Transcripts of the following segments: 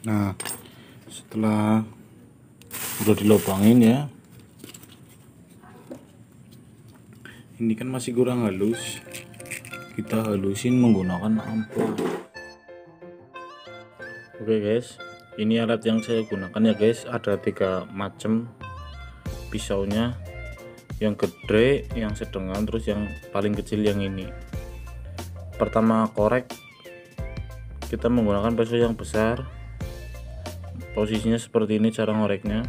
nah setelah udah dilobangin ya ini kan masih kurang halus kita halusin menggunakan amplas oke guys ini alat yang saya gunakan ya guys ada tiga macam pisaunya yang gede yang sedang, terus yang paling kecil yang ini pertama korek kita menggunakan pisau yang besar posisinya seperti ini cara ngoreknya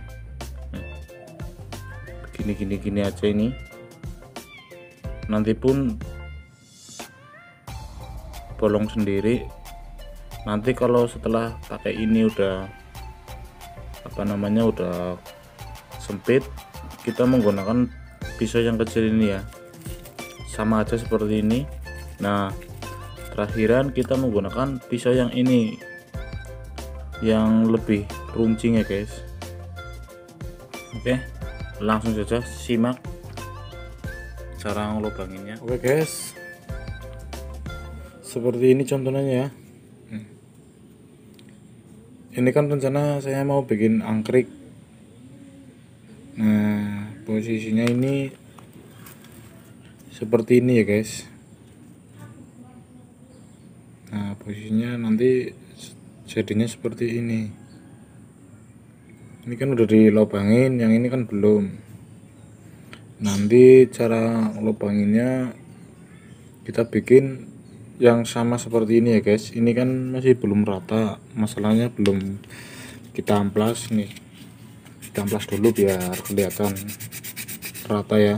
gini gini gini aja ini nanti pun bolong sendiri nanti kalau setelah pakai ini udah apa namanya udah sempit kita menggunakan pisau yang kecil ini ya sama aja seperti ini nah terakhiran kita menggunakan pisau yang ini yang lebih runcing ya guys oke langsung saja simak cara ngelubanginnya oke guys seperti ini contohnya ya hmm. ini kan rencana saya mau bikin angkrik nah posisinya ini seperti ini ya guys nah posisinya nanti jadinya seperti ini ini kan udah dilobangin yang ini kan belum nanti cara lobanginnya kita bikin yang sama seperti ini ya guys ini kan masih belum rata masalahnya belum kita amplas nih kita amplas dulu biar kelihatan rata ya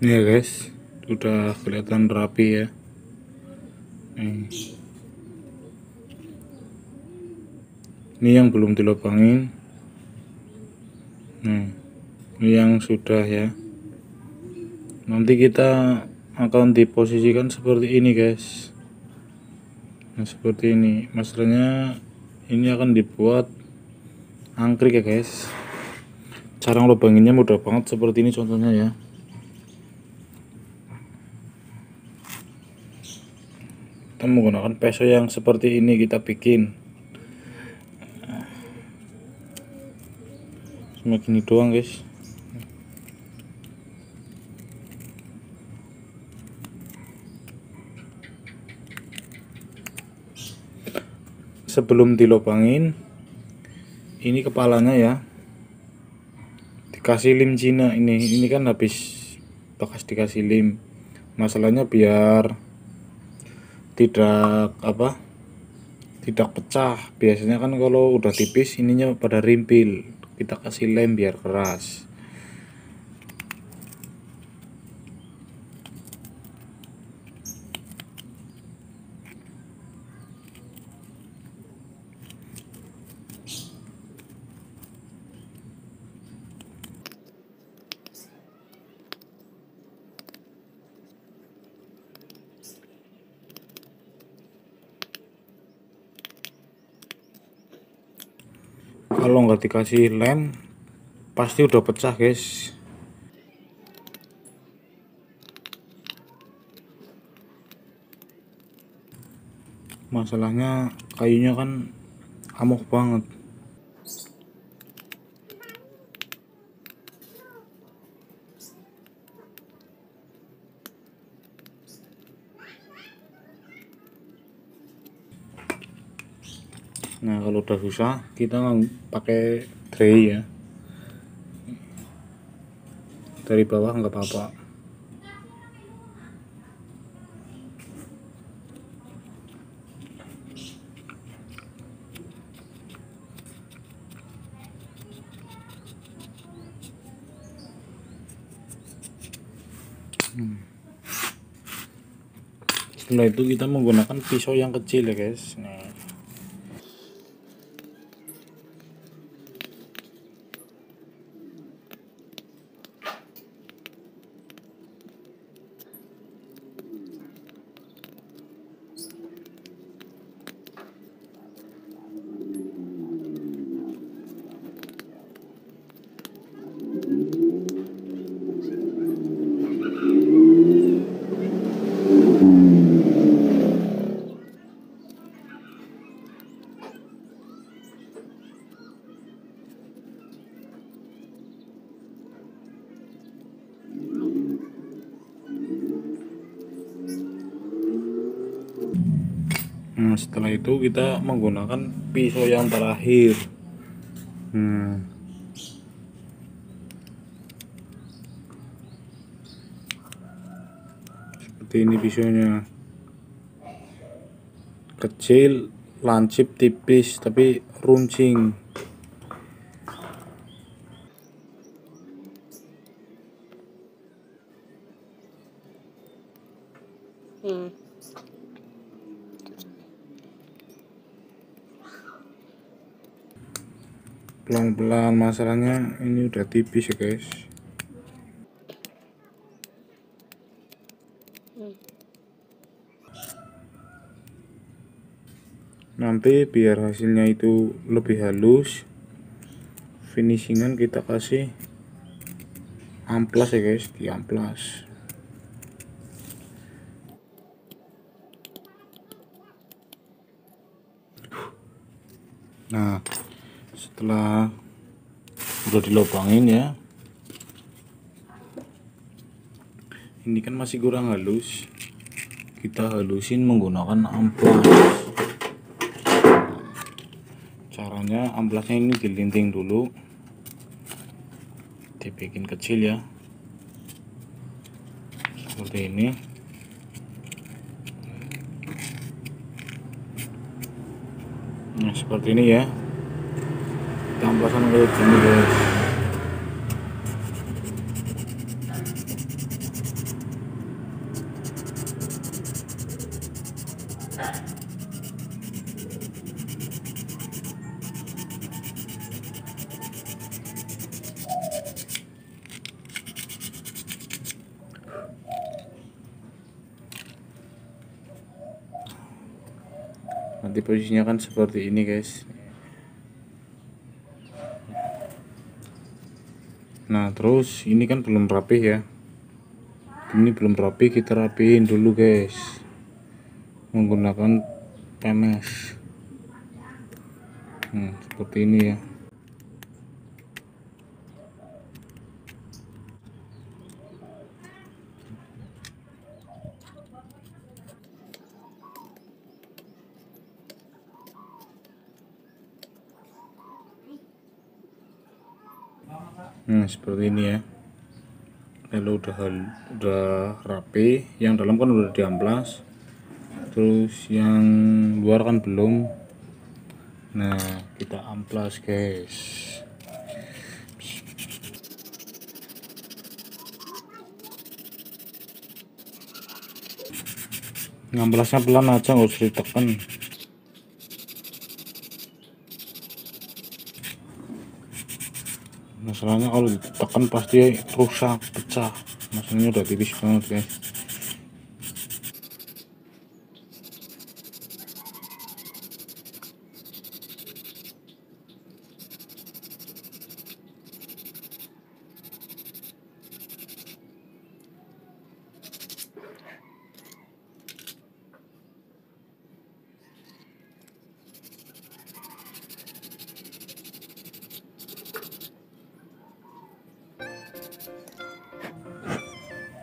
Nih ya guys, sudah kelihatan rapi ya. Nih. Ini yang belum dilobangin. Nih, ini yang sudah ya. Nanti kita akan diposisikan seperti ini guys. Nah, seperti ini. Masalahnya ini akan dibuat angkrik ya guys. Cara ngelobanginnya mudah banget seperti ini contohnya ya. kita menggunakan peso yang seperti ini kita bikin semakin gini doang guys sebelum dilobangin ini kepalanya ya dikasih lim Cina ini ini kan habis bekas dikasih lim masalahnya biar tidak apa tidak pecah biasanya kan kalau udah tipis ininya pada rimpil kita kasih lem biar keras kalau nggak dikasih lem pasti udah pecah guys masalahnya kayunya kan amok banget nah kalau udah susah kita pakai tray ya dari bawah nggak apa-apa hmm. setelah itu kita menggunakan pisau yang kecil ya guys nih nah setelah itu kita menggunakan pisau yang terakhir hmm. seperti ini pisaunya kecil lancip tipis tapi runcing Hmm. pelan-pelan masalahnya ini udah tipis ya guys nanti biar hasilnya itu lebih halus finishingan kita kasih amplas ya guys di amplas Nah, setelah udah dilobangin ya ini kan masih kurang halus kita halusin menggunakan amplas caranya amplasnya ini dilinting dulu dibikin kecil ya seperti ini nah seperti ini ya kayak gini guys nanti posisinya kan seperti ini guys terus ini kan belum rapih ya ini belum rapi kita rapiin dulu guys menggunakan PMS nah, hmm, seperti ini ya nah seperti ini ya lalu udah udah rapi yang dalam kan udah diamplas terus yang luar kan belum nah kita amplas guys ngamplasnya pelan aja nggak usah ditekan masalahnya kalau ditekan pasti rusak pecah masalahnya udah tipis banget guys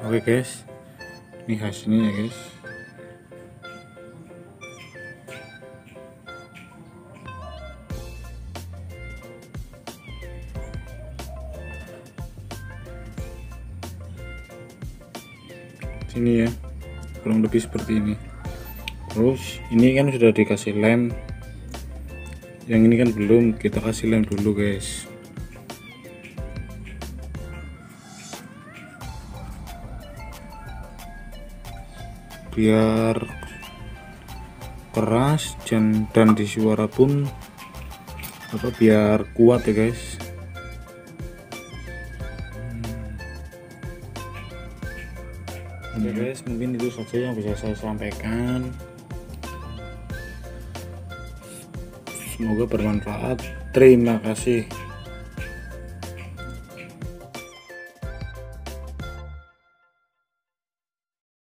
oke guys ini hasilnya ya guys sini ya kurang lebih seperti ini terus ini kan sudah dikasih lem yang ini kan belum kita kasih lem dulu guys biar keras dan dan di suara pun apa biar kuat ya guys oke hmm. guys mungkin itu saja yang bisa saya sampaikan semoga bermanfaat terima kasih